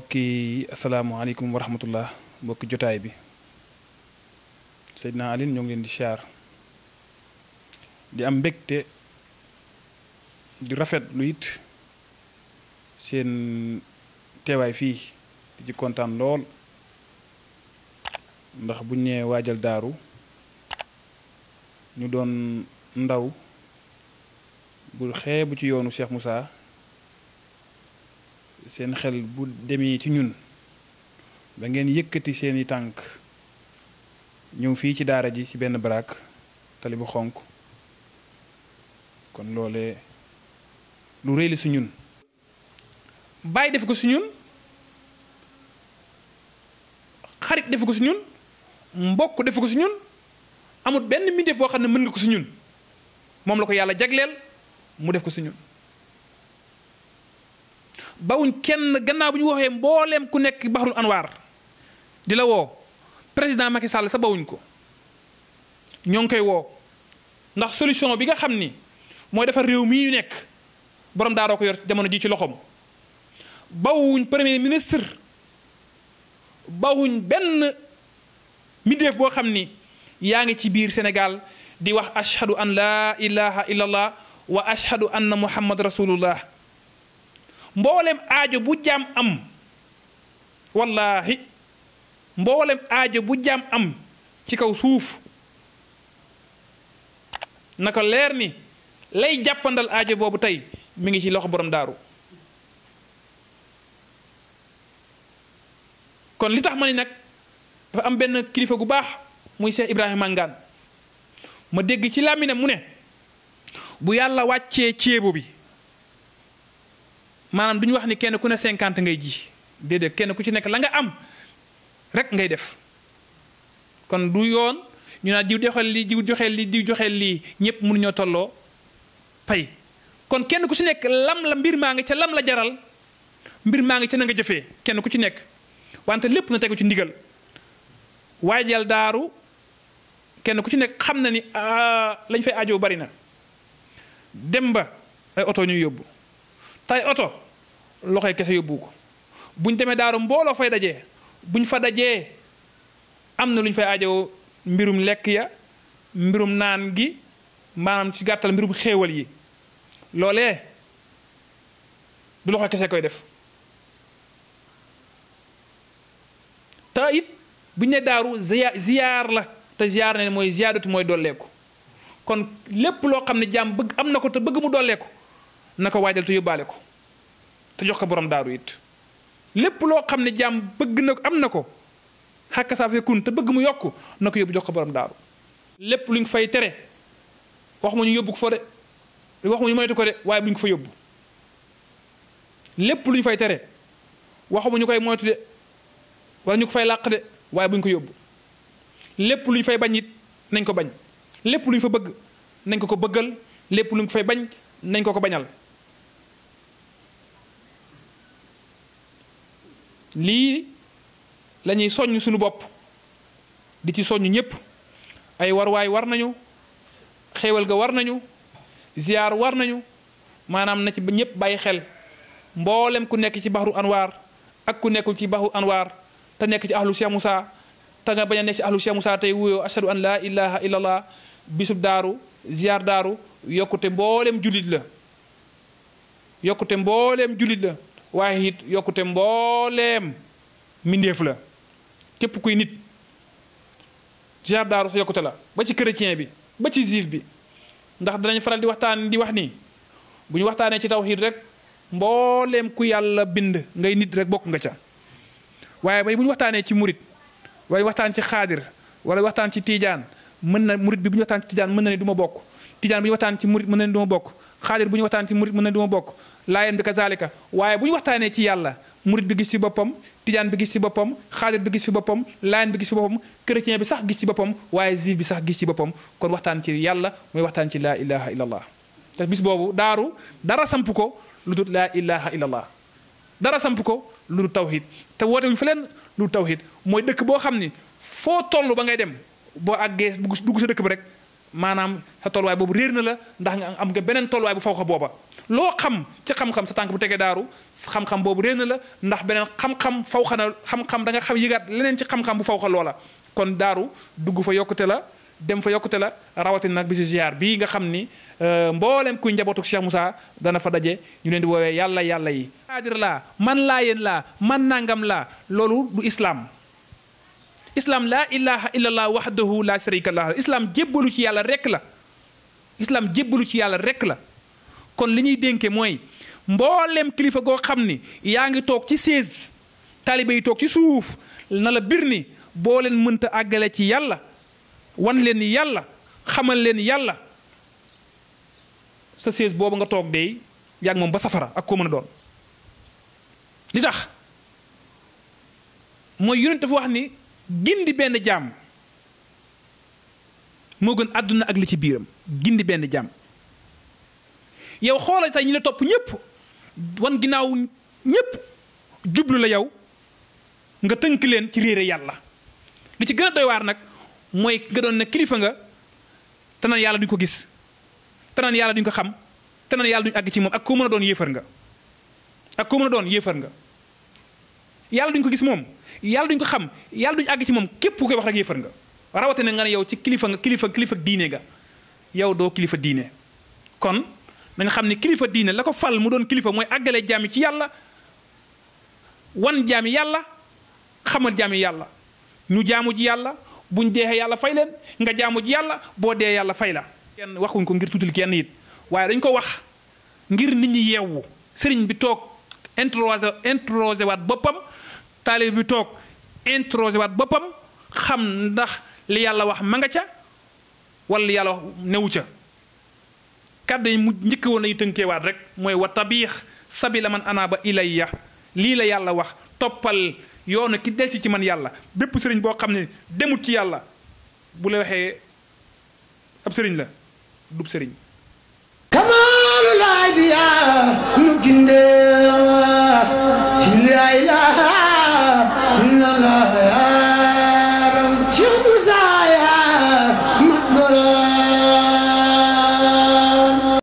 mbokki asalaamaaleykum wa rahmatullah mbokki jotaay bi Seydina Alioune ñoo ngi leen di siyaar di am mbégte di rafet lu it seen teewaay fii di ci kontaan lool ndax bu ñu waajal daaru ñu doon ndaw bu xeebu ci yoonu Cheikh Moussa seen xel bu demee ci ñun ba ngeen yëkkati seeni tànk ñëw fii ci daara ji ci benn baraak tali bu xonk kon loole lu rëy la su ñun bàyyi def ko su ñun xarit def ko su ñun mbokk def ko su ñun amut benn mbindeef boo xam ne mën nga ko su ñun moom la ko yàlla jagleel mu def ko su ñun bawuñ kenn gannaaw bu ñu waxee mbooleem ku nekk Bahrul Anwar di la woo président Macky Sall sa bawuñ ko ñoo ngi koy woo ndax solution bi nga xam ni mooy defar réew mii yu nekk borom daaroo ko yor jamono ji ci loxom bawuñ premier ministre bawuñ benn midéef boo xam ni yaa ngi ci biir Sénégal di wax ashhadu an la ilaha illallah wa ashhadu anna muhammad rasulullah mboolem aajo bu jaam am wallaahi mboolem aajo bu jaam am ci kaw suuf na ko leer ni lay jàppandal aajo boobu tey mu ngi ci loxo borom daaru kon li tax ma ni nag dafa am benn kilifa gu baax muy Cheikh Ibrahima Ngaan ma dégg ci làmmiñam mu ne bu yàlla wàccee ceebo bi maanaam duñu wax ni kenn ku ne cinquante ngay ji dede kenn ku ci la nga am rek ngay def kon du yoon ñu naan jiw joxeel lii jiw joxeel lii jiw joxeel lii ñëpp pay kon kenn ku ci lam la mbir maa lam la jaral mbir maa ngi ca na nga jëfee kenn ku ci nekk wante lépp na tegu ci ndigal waaye jël daaru kenn ku ci nekk xam na ni ah, lañ fay aajo bari na dem ba ay tay oto loxo kese yóbbu ko buñ demee daaru mbooloo fay dajee buñ fa dajee am na lu ñu fay ajo mbirum lekk ya mbirum naan gi maanaam ci gàttal mbirum xéewal yi loolee du loxo kese koy def te it buñ ne daaru ziyaar la te ziyaar ne mooy ziyaadatu mooy dolleeku kon lépp loo xam ne jàmm bëgg am na ko te bëgg mu dolleeku na ko waajal te yóbbaale ko te jox ko boroom daaru it lépp loo xam ne jaam bëgg na am na ko xàkk saa fekkun te bëgg mu yokk na ko yóbbu jox ko borom daaru lépp luñ fay tere wax ma ñu yóbbu ko fa de ko de waaye ko fa yóbbu lépp luñ fay tere wax ma ñu koy moytu de wala ñu ko fay làq de waaye buñ ko yóbbu lépp luñ fay bañ it nañ ko bañ lépp luñ fa bëgg nañ ko ko bëggal lépp luñ ko fay bañ nañ ko ko bañal li la ñuy suñu bop di ci soññ ñepp ay way war nañu xewal ga war nañu ziar war nañu manam na ci ñepp bàyyi xel mbollem ku nekk ci bahru anwar ak ku nekkul ci bahru anwar ta nekk ci ahlu Cheikh musa ta nga baña nekk ci ahlu Cheikh musa tay wuyo ashadu an la ilaha illallah bisub daru ziar daru yokute mbollem julit la yokute mbollem julit la waaye it yokkute mbooleem mbindeef la képp kuy nit ziar daaru sa yokkute la ba ci chrétien bi ba ci juif bi ndax danañu faral di waxtaan di wax nii bu ñu waxtaanee ci taw tawxiid rek mbooleem ku yàlla bind ngay nit rek bokk nga ca waaye bay bu ñu waxtaanee ci murit wala waxtaan ci xaadir wala waxtaan ci tiijaan mën na murit bi bu ñu waxtaan ci tiijaan mën na ne du ma bokk tiijaan bi ñu waxtaan ci murit mën na ne du bokk xaadir bu ñu waxtaan ci murit mën na du ma bokk laayeen bi kazalika waaye bu ñu waxtaanee ci yàlla murit bi gis ci boppam tijaan bi gis ci boppam xaadir bi gis ci boppam laayeen bi gis ci boppam chrétien bi sax gis ci boppam waaye juif bi sax gis ci boppam kon waxtaan ci yàlla mooy waxtaan ci laa ilaha illallah te bis boobu daaru dara samp ko lu dul laa ilaha illallah dara samp ko lu dul tawhid te woote wuñu fa leen lu dul tawhid mooy dëkk boo xam ni foo toll ba ngay dem boo àggee dugg sa dëkk bi rek maanaam sa tolluwaay boobu réer na la ndax nga am nga beneen tolluwaay bu faw ko booba loo xam ci xam-xam sa tànk bu tegee daaru xam-xam boobu réer na la ndax beneen xam-xam faw xa na xam-xam da nga xam yëgaat leneen ci xam-xam bu faw xa loola kon daaru dugg fa yokkute la dem fa yokkute la rawatina nag bisu ziar bii nga xam ni euh, mboolem kuy njabootu Cheikh Moussa dana fa daje ñu leen di woowee yàlla yàlla yi xaadir laa man laa yéen laa man nangam laa loolu du islam la ilaha illallah wahdahu la sharika lah islam jébbalu ci yàlla rek la islam jébbalu ci yàlla rek la kon liñuy dénke moy mbollem kilifa go xamni yaangi tok ci 16 talibe yi tok ci souf na la birni bo len meunta agalé ci yàlla wan len ni yàlla xamal len yàlla sa 16 bobu nga tok dey yàgg mom ba safara ak ko meuna doon li tax moy yoonte fu wax ni gindi benn jàmm moo gën àdduna ak li ci biiram gindi benn jàmm yow xoolal tey ñu la topp ñëpp wan ginnaaw ñépp jublu la yow nga tënk leen ci réere yàlla li ci gën a doy waar nag mooy nga doon ne kilifa nga te yàlla duñ ko gis te naan yàlla duñ ko xam te naan yàlla duñ àgg ci moom ak koo mën nga ak koo mën a doon yéefar nga yàlla duñ ko gis moom yàlla duñ ko xam yàlla duñ àgg ci moom képp ku koy wax rek yéefar nga rawatina nga ne yow ci kilifa nga kilifa kilifa diine nga yow doo kilifa diine kon nañ xam ne kilifa diine la ko fal mu doon kilifa mooy àggale jaami ci yàlla wan jaami yàlla xamal jaami yàlla ñu jaamu ji yàlla buñ deexee yàlla fay leen nga jaamu ji yàlla boo dee yàlla fay la kenn waxuñ ko ngir tuutil kenn it waaye dañ ko wax ngir nit ñi yeewu sëriñ bi toog introsé introsé waat boppam taalib bi toog introsé waat boppam xam ndax li yàlla wax ma nga ca wala li yàlla wax newu ca kàddu yi mu njëkk woon nañu tënkeewaat rek mooy wa tabiix sabila man anaaba ya lii la yàlla wax toppal yoonu ki delsi ci man yàlla bépp sëriñ boo xam ne demut ci yàlla bu la waxee ab sëriñ la dub sëriñ